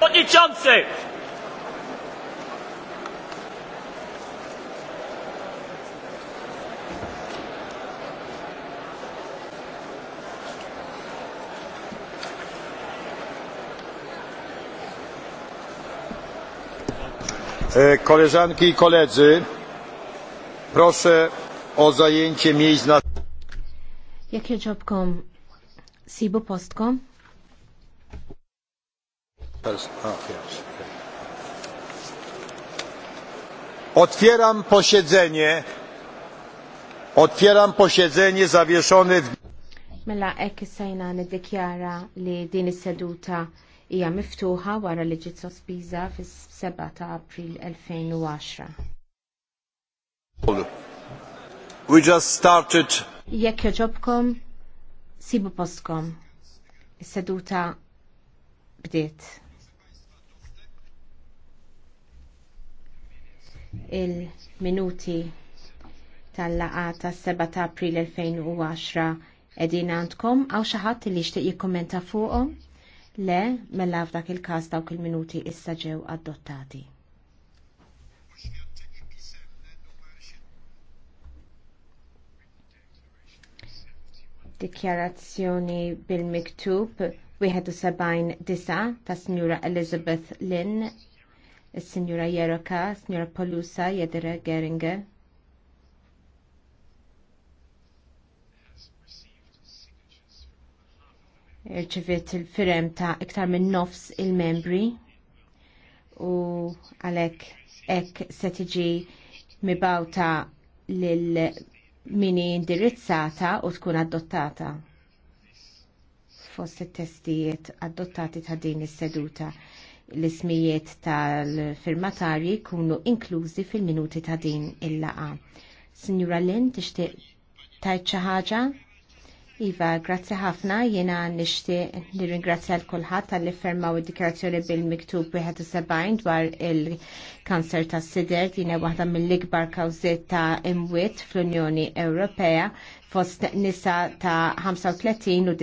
Przewodniczący! E, koleżanki i koledzy, proszę o zajęcie miejsc na... Jakie jobkom? Sibu postkom? Otwieram posiedzenie. Otwieram posiedzenie zawieszone w... Mela ek sajna niddikjara li din is-seduta hija miftuħa wara li ġiet sospiża fis-7 ta' April 2010. We just started. Jekk joġobkom, sibu postkom. Is-seduta bdiet. il-minuti tal-laqa tas-7 ta' April 2010 edin għandkom għaw xaħat li jixtieq jikkommenta fuqhom? Le, mela f'dak il-każ dawk il-minuti issa ġew adottati. Dikjarazzjoni bil-miktub 179 disa ta' Signora Elizabeth Lynn il-Sinjura Jeroka, Sinjura Polusa, Jedere Geringe. Irċivit il-firem ta' iktar minn nofs il-membri u għalek ek setiġi mibawta lil mini indirizzata u tkun adottata fost it-testijiet adottati ta' din is-seduta. L-ismijiet tal-firmatari kunu inklużi fil-minuti ta' din il-laqa. Signora Lynn, tixtieq tajt xi ħaġa? Iva, grazzi ħafna, jena nixtieq nirringrazzja l kulħadd tal-li fermaw id-dikarazzjoni bil-miktub 71 dwar il-kanser tas sider jina waħda mill-ikbar kawżiet ta' imwiet fl-Unjoni Ewropea fost nisa ta' 35 u